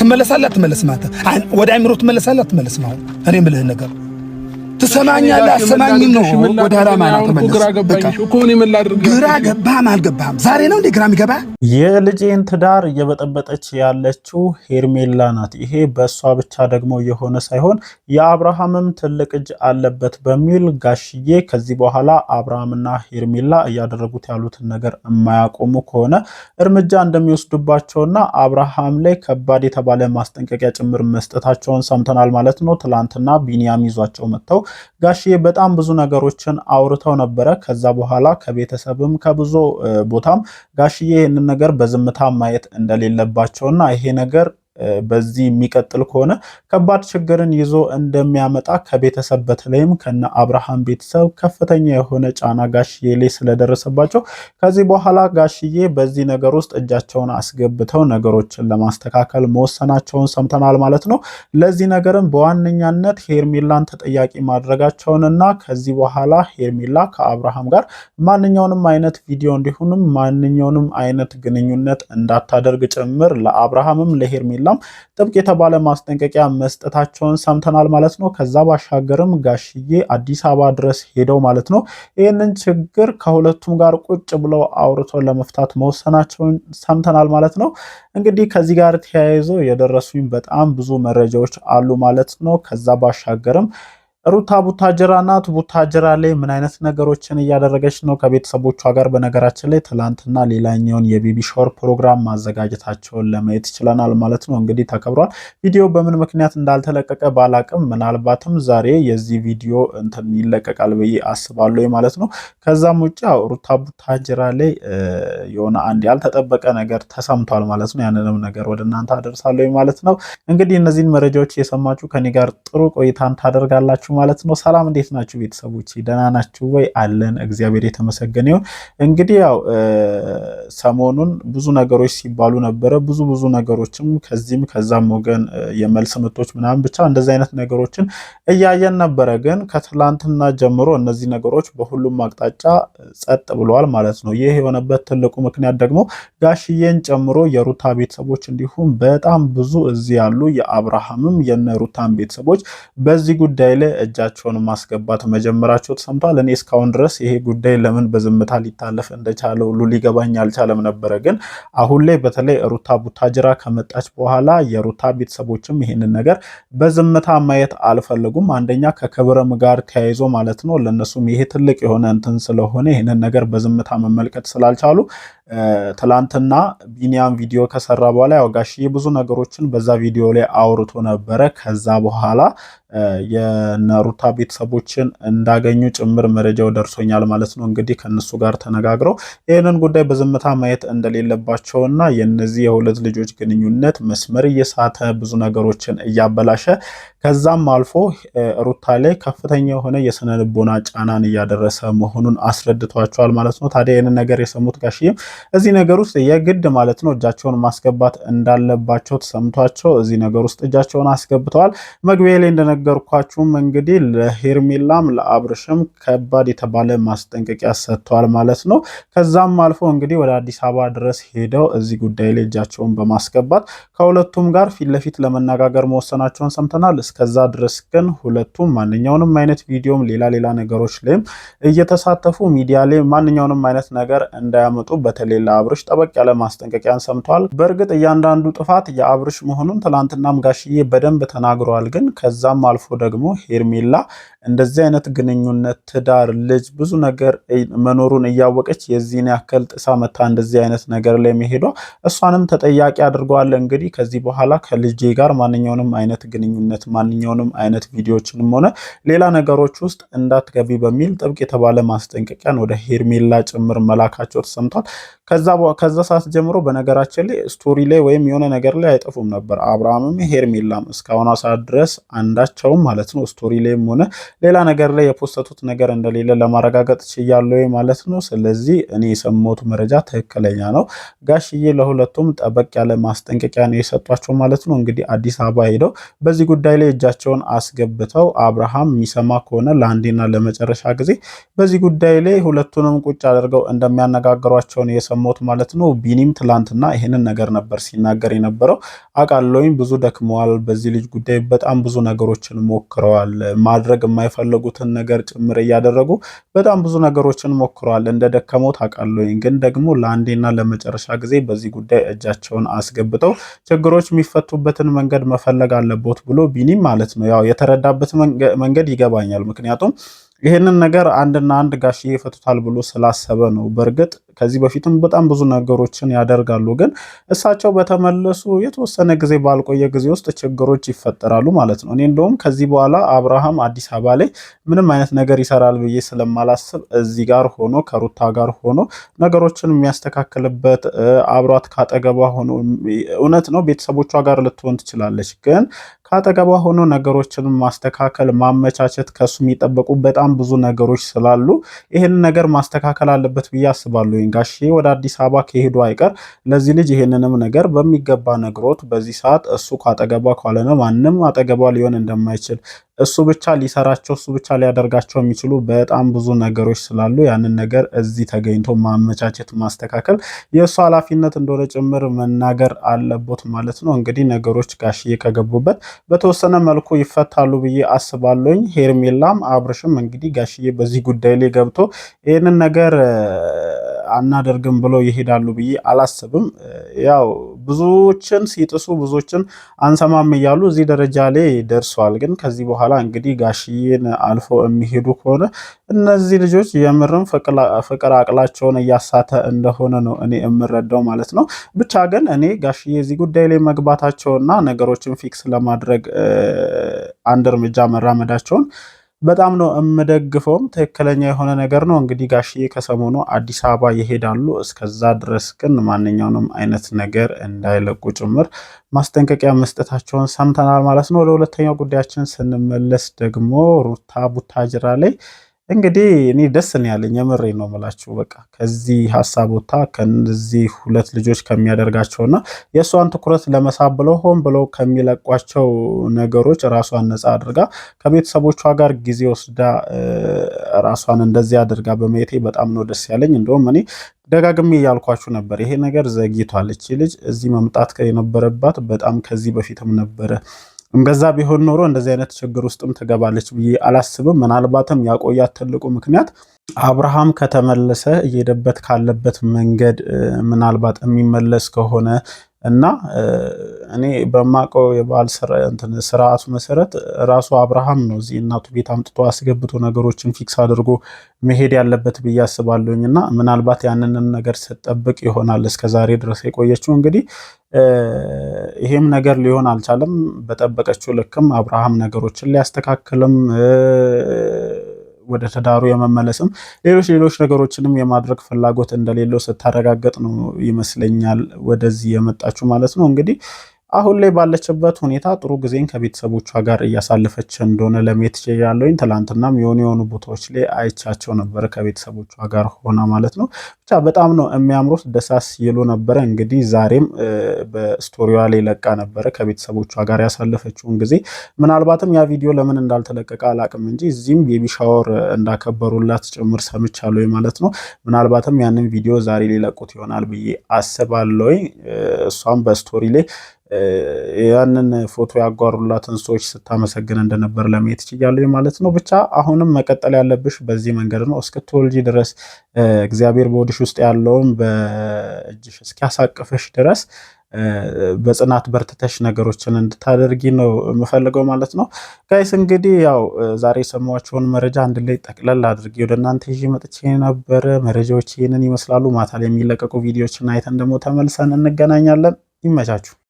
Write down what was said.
ትመለሳለህ አትመለስም? አንተ ወደ አእምሮ ትመለሳለህ አትመለስም? አሁን እኔ የምልህን ነገር ትሰማኛለህ? አሰማኝም ነው። ወደ አላማ ተመለስ። ግራ ገባህም አልገባህም ዛሬ ነው እንደ ግራ የሚገባ። የልጄን ትዳር እየበጠበጠች ያለችው ሄርሜላ ናት። ይሄ በእሷ ብቻ ደግሞ የሆነ ሳይሆን የአብርሃምም ትልቅ እጅ አለበት በሚል ጋሽዬ ከዚህ በኋላ አብርሃምና ሄርሜላ እያደረጉት ያሉትን ነገር የማያቆሙ ከሆነ እርምጃ እንደሚወስዱባቸውና አብርሃም ላይ ከባድ የተባለ ማስጠንቀቂያ ጭምር መስጠታቸውን ሰምተናል ማለት ነው። ትላንትና ቢንያም ይዟቸው መጥተው ጋሽዬ በጣም ብዙ ነገሮችን አውርተው ነበረ። ከዛ በኋላ ከቤተሰብም ከብዙ ቦታም ጋሽዬ ይህንን ነገር በዝምታ ማየት እንደሌለባቸውና ይሄ ነገር በዚህ የሚቀጥል ከሆነ ከባድ ችግርን ይዞ እንደሚያመጣ ከቤተሰብ በተለይም ከነ አብርሃም ቤተሰብ ከፍተኛ የሆነ ጫና ጋሽዬ ላይ ስለደረሰባቸው ከዚህ በኋላ ጋሽዬ በዚህ ነገር ውስጥ እጃቸውን አስገብተው ነገሮችን ለማስተካከል መወሰናቸውን ሰምተናል ማለት ነው። ለዚህ ነገርም በዋነኛነት ሄርሜላን ተጠያቂ ማድረጋቸውንና ከዚህ በኋላ ሄርሜላ ከአብርሃም ጋር ማንኛውንም አይነት ቪዲዮ እንዲሁንም ማንኛውንም አይነት ግንኙነት እንዳታደርግ ጭምር ለአብርሃምም ለሄርሜላ እንዳይበላም ጥብቅ የተባለ ማስጠንቀቂያ መስጠታቸውን ሰምተናል ማለት ነው። ከዛ ባሻገርም ጋሽዬ አዲስ አበባ ድረስ ሄደው ማለት ነው ይህንን ችግር ከሁለቱም ጋር ቁጭ ብለው አውርቶ ለመፍታት መወሰናቸውን ሰምተናል ማለት ነው። እንግዲህ ከዚህ ጋር ተያይዞ የደረሱኝ በጣም ብዙ መረጃዎች አሉ ማለት ነው። ከዛ ባሻገርም ሩታ ቡታጀራ ናት። ቡታጀራ ላይ ምን አይነት ነገሮችን እያደረገች ነው? ከቤተሰቦቿ ጋር በነገራችን ላይ ትላንትና ሌላኛውን የቤቢ ሾር ፕሮግራም ማዘጋጀታቸውን ለማየት ይችለናል ማለት ነው። እንግዲህ ተከብሯል። ቪዲዮ በምን ምክንያት እንዳልተለቀቀ ባላቅም፣ ምናልባትም ዛሬ የዚህ ቪዲዮ እንትን ይለቀቃል ብዬ አስባለሁ ማለት ነው። ከዛም ውጭ ሩታ ቡታጀራ ላይ የሆነ አንድ ያልተጠበቀ ነገር ተሰምቷል ማለት ነው። ያንንም ነገር ወደ እናንተ አደርሳለሁ ማለት ነው። እንግዲህ እነዚህን መረጃዎች የሰማችሁ ከኔ ጋር ጥሩ ቆይታን ታደርጋላችሁ ማለት ነው። ሰላም እንዴት ናችሁ ቤተሰቦች? ደህና ናችሁ ወይ? አለን እግዚአብሔር የተመሰገነ ይሁን። እንግዲህ ያው ሰሞኑን ብዙ ነገሮች ሲባሉ ነበረ። ብዙ ብዙ ነገሮችም ከዚህም ከዛም ወገን የመልስ ምቶች ምናምን ብቻ እንደዚህ አይነት ነገሮችን እያየን ነበረ። ግን ከትላንትና ጀምሮ እነዚህ ነገሮች በሁሉም አቅጣጫ ጸጥ ብለዋል ማለት ነው። ይህ የሆነበት ትልቁ ምክንያት ደግሞ ጋሽዬን ጨምሮ የሩታ ቤተሰቦች እንዲሁም በጣም ብዙ እዚህ ያሉ የአብርሃምም የነሩታን ቤተሰቦች በዚህ ጉዳይ ላይ እጃቸውን ማስገባት መጀመራቸው ተሰምቷል። እኔ እስካሁን ድረስ ይሄ ጉዳይ ለምን በዝምታ ሊታለፍ እንደቻለ ሁሉ ሊገባኝ አልቻለም ነበረ። ግን አሁን ላይ በተለይ ሩታ ቡታጅራ ከመጣች በኋላ የሩታ ቤተሰቦችም ይህንን ነገር በዝምታ ማየት አልፈለጉም። አንደኛ ከክብርም ጋር ተያይዞ ማለት ነው። ለነሱም ይሄ ትልቅ የሆነ እንትን ስለሆነ ይህንን ነገር በዝምታ መመልከት ስላልቻሉ ትላንትና ቢኒያም ቪዲዮ ከሰራ በኋላ ያው ጋሽዬ ብዙ ነገሮችን በዛ ቪዲዮ ላይ አውርቶ ነበረ። ከዛ በኋላ ሩታ ቤተሰቦችን እንዳገኙ ጭምር መረጃው ደርሶኛል ማለት ነው። እንግዲህ ከነሱ ጋር ተነጋግረው ይህንን ጉዳይ በዝምታ ማየት እንደሌለባቸውና የነዚህ የሁለት ልጆች ግንኙነት መስመር እየሳተ ብዙ ነገሮችን እያበላሸ ከዛም አልፎ ሩታ ላይ ከፍተኛ የሆነ የስነ ልቦና ጫናን እያደረሰ መሆኑን አስረድቷቸዋል ማለት ነው። ታዲያ ይህንን ነገር የሰሙት ጋሽዬም እዚህ ነገር ውስጥ የግድ ማለት ነው እጃቸውን ማስገባት እንዳለባቸው ተሰምቷቸው እዚህ ነገር ውስጥ እጃቸውን አስገብተዋል። መግቢያ ላይ እንደነገርኳችሁም እንግዲህ እንግዲህ ለሄርሜላም ለአብርሽም ከባድ የተባለ ማስጠንቀቂያ ሰጥተዋል ማለት ነው። ከዛም አልፎ እንግዲህ ወደ አዲስ አበባ ድረስ ሄደው እዚህ ጉዳይ ላይ እጃቸውን በማስገባት ከሁለቱም ጋር ፊት ለፊት ለመነጋገር መወሰናቸውን ሰምተናል። እስከዛ ድረስ ግን ሁለቱም ማንኛውንም አይነት ቪዲዮም ሌላ ሌላ ነገሮች ላይም እየተሳተፉ ሚዲያ ላይ ማንኛውንም አይነት ነገር እንዳያመጡ በተለይ ለአብርሽ ጠበቅ ያለ ማስጠንቀቂያን ሰምተዋል። በእርግጥ እያንዳንዱ ጥፋት የአብርሽ መሆኑን ትላንትናም ጋሽዬ በደንብ ተናግረዋል። ግን ከዛም አልፎ ደግሞ ሄር ሄርሜላ እንደዚህ አይነት ግንኙነት፣ ትዳር፣ ልጅ፣ ብዙ ነገር መኖሩን እያወቀች የዚህን ያክል ጥሳ መታ እንደዚህ አይነት ነገር ላይ መሄዷ እሷንም ተጠያቂ አድርገዋል። እንግዲህ ከዚህ በኋላ ከልጄ ጋር ማንኛውንም አይነት ግንኙነት ማንኛውንም አይነት ቪዲዮዎችንም ሆነ ሌላ ነገሮች ውስጥ እንዳትገቢ በሚል ጥብቅ የተባለ ማስጠንቀቂያን ወደ ሄርሜላ ጭምር መላካቸው ተሰምቷል። ከዛ ሰዓት ጀምሮ በነገራችን ላይ ስቶሪ ላይ ወይም የሆነ ነገር ላይ አይጠፉም ነበር አብርሃምም ሄርሜላም እስካሁኗ ሰዓት ድረስ አንዳቸውም ማለት ነው ስቶሪ ስቶሪ ላይም ሆነ ሌላ ነገር ላይ የፖስተቱት ነገር እንደሌለ ለማረጋገጥ ችያለሁ ማለት ነው። ስለዚህ እኔ የሰማሁት መረጃ ትክክለኛ ነው። ጋሽዬ ለሁለቱም ጠበቅ ያለ ማስጠንቀቂያ ነው የሰጧቸው ማለት ነው። እንግዲህ አዲስ አበባ ሄደው በዚህ ጉዳይ ላይ እጃቸውን አስገብተው አብርሃም የሚሰማ ከሆነ ለአንዴና ለመጨረሻ ጊዜ በዚህ ጉዳይ ላይ ሁለቱንም ቁጭ አድርገው እንደሚያነጋግሯቸው ነው የሰማሁት ማለት ነው። ቢኒም ትላንትና ይህንን ነገር ነበር ሲናገር የነበረው። አቃለኝ ብዙ ደክመዋል፣ በዚህ ልጅ ጉዳይ በጣም ብዙ ነገሮችን ሞክረዋል ማድረግ የማይፈልጉትን ነገር ጭምር እያደረጉ በጣም ብዙ ነገሮችን ሞክረዋል። እንደ ደከመው ታውቃለኝ፣ ግን ደግሞ ለአንዴና ለመጨረሻ ጊዜ በዚህ ጉዳይ እጃቸውን አስገብተው ችግሮች የሚፈቱበትን መንገድ መፈለግ አለቦት ብሎ ቢኒ ማለት ነው ያው የተረዳበት መንገድ ይገባኛል። ምክንያቱም ይህንን ነገር አንድና አንድ ጋሽዬ ይፈቱታል ብሎ ስላሰበ ነው። በእርግጥ ከዚህ በፊትም በጣም ብዙ ነገሮችን ያደርጋሉ። ግን እሳቸው በተመለሱ የተወሰነ ጊዜ ባልቆየ ጊዜ ውስጥ ችግሮች ይፈጠራሉ ማለት ነው። እኔ እንደውም ከዚህ በኋላ አብርሃም አዲስ አበባ ላይ ምንም አይነት ነገር ይሰራል ብዬ ስለማላስብ እዚህ ጋር ሆኖ ከሩታ ጋር ሆኖ ነገሮችን የሚያስተካክልበት አብሯት ካጠገቧ ሆኖ እውነት ነው ቤተሰቦቿ ጋር ልትሆን ትችላለች ግን ከአጠገቧ ሆኖ ነገሮችን ማስተካከል ማመቻቸት ከሱ የሚጠበቁ በጣም ብዙ ነገሮች ስላሉ ይህን ነገር ማስተካከል አለበት ብዬ አስባለሁ። ጋሼ ወደ አዲስ አበባ ከሄዱ አይቀር ለዚህ ልጅ ይሄንንም ነገር በሚገባ ነግሮት በዚህ ሰዓት እሱ ካጠገቧ ካልሆነ ማንም አጠገቧ ሊሆን እንደማይችል እሱ ብቻ ሊሰራቸው እሱ ብቻ ሊያደርጋቸው የሚችሉ በጣም ብዙ ነገሮች ስላሉ ያንን ነገር እዚህ ተገኝቶ ማመቻቸት፣ ማስተካከል የእሱ ኃላፊነት እንደሆነ ጭምር መናገር አለቦት ማለት ነው። እንግዲህ ነገሮች ጋሽዬ ከገቡበት በተወሰነ መልኩ ይፈታሉ ብዬ አስባለኝ። ሄርሜላም አብርሽም እንግዲህ ጋሽዬ በዚህ ጉዳይ ላይ ገብቶ ይህንን ነገር አናደርግም ብለው ይሄዳሉ ብዬ አላስብም። ያው ብዙዎችን ሲጥሱ ብዙዎችን አንሰማም እያሉ እዚህ ደረጃ ላይ ደርሷል። ግን ከዚህ በኋላ እንግዲህ ጋሽዬን አልፎ የሚሄዱ ከሆነ እነዚህ ልጆች የምርም ፍቅር አቅላቸውን እያሳተ እንደሆነ ነው እኔ የምረዳው ማለት ነው። ብቻ ግን እኔ ጋሽዬ እዚህ ጉዳይ ላይ መግባታቸውና ነገሮችን ፊክስ ለማድረግ አንድ እርምጃ መራመዳቸውን በጣም ነው የምደግፈውም ትክክለኛ የሆነ ነገር ነው። እንግዲህ ጋሽዬ ከሰሞኑ አዲስ አበባ ይሄዳሉ። እስከዛ ድረስ ግን ማንኛውንም አይነት ነገር እንዳይለቁ ጭምር ማስጠንቀቂያ መስጠታቸውን ሰምተናል ማለት ነው። ለሁለተኛው ጉዳያችን ስንመለስ ደግሞ ሩታ ቡታጅራ ላይ እንግዲህ እኔ ደስ ነው ያለኝ፣ የምሬ ነው የምላችሁ። በቃ ከዚህ ሀሳብ ወታ ከነዚህ ሁለት ልጆች ከሚያደርጋቸውና የእሷን ትኩረት ለመሳብ ብለው ሆን ብለው ከሚለቋቸው ነገሮች ራሷን ነፃ አድርጋ ከቤተሰቦቿ ጋር ጊዜ ወስዳ ራሷን እንደዚህ አድርጋ በማየቴ በጣም ነው ደስ ያለኝ። እንደውም እኔ ደጋግሜ እያልኳችሁ ነበር፣ ይሄ ነገር ዘግይቷል። እቺ ልጅ እዚህ መምጣት የነበረባት በጣም ከዚህ በፊትም ነበረ እንደዛ ቢሆን ኖሮ እንደዚህ አይነት ችግር ውስጥም ትገባለች ብዬ አላስብም። ምናልባትም ያቆያት ትልቁ ምክንያት አብርሃም ከተመለሰ እየሄደበት ካለበት መንገድ ምናልባት የሚመለስ ከሆነ እና እኔ በማውቀው የባህል ስርዓቱ መሰረት ራሱ አብርሃም ነው እዚህ እናቱ ቤት አምጥቶ አስገብቶ ነገሮችን ፊክስ አድርጎ መሄድ ያለበት ብዬ አስባለሁኝ። እና ምናልባት ያንንም ነገር ስጠብቅ ይሆናል እስከዛሬ ድረስ የቆየችው እንግዲህ ይሄም ነገር ሊሆን አልቻለም። በጠበቀችው ልክም አብርሃም ነገሮችን ሊያስተካክልም ወደ ትዳሩ የመመለስም ሌሎች ሌሎች ነገሮችንም የማድረግ ፍላጎት እንደሌለው ስታረጋገጥ ነው ይመስለኛል ወደዚህ የመጣችሁ ማለት ነው እንግዲህ አሁን ላይ ባለችበት ሁኔታ ጥሩ ጊዜን ከቤተሰቦቿ ጋር እያሳለፈች እንደሆነ ለሜት ያለውኝ ትላንትናም የሆኑ የሆኑ ቦታዎች ላይ አይቻቸው ነበረ ከቤተሰቦቿ ጋር ሆና ማለት ነው። ብቻ በጣም ነው የሚያምሩት፣ ደሳስ ይሉ ነበረ። እንግዲህ ዛሬም በስቶሪዋ ላይ ለቃ ነበረ ከቤተሰቦቿ ጋር ያሳለፈችውን ጊዜ። ምናልባትም ያ ቪዲዮ ለምን እንዳልተለቀቀ አላቅም እንጂ እዚህም ቤቢሻወር እንዳከበሩላት ጭምር ሰምቻለሁ ማለት ነው። ምናልባትም ያንን ቪዲዮ ዛሬ ሊለቁት ይሆናል ብዬ አስባለሁ። እሷም በስቶሪ ላይ ያንን ፎቶ ያጓሩላትን ሰዎች ስታመሰግን እንደነበር ለማየት ችያለሁ ማለት ነው። ብቻ አሁንም መቀጠል ያለብሽ በዚህ መንገድ ነው። እስክትወልጂ ድረስ እግዚአብሔር በወድሽ ውስጥ ያለውን በእጅሽ እስኪያሳቅፍሽ ድረስ በጽናት በርትተሽ ነገሮችን እንድታደርጊ ነው የምፈልገው ማለት ነው። ጋይስ እንግዲህ ያው ዛሬ የሰማኋቸውን መረጃ አንድ ላይ ጠቅለል አድርጌ ወደ እናንተ ይዤ መጥቼ ነበረ። መረጃዎች ይህንን ይመስላሉ። ማታ ላይ የሚለቀቁ ቪዲዮዎችን አይተን ደግሞ ተመልሰን እንገናኛለን። ይመቻችሁ።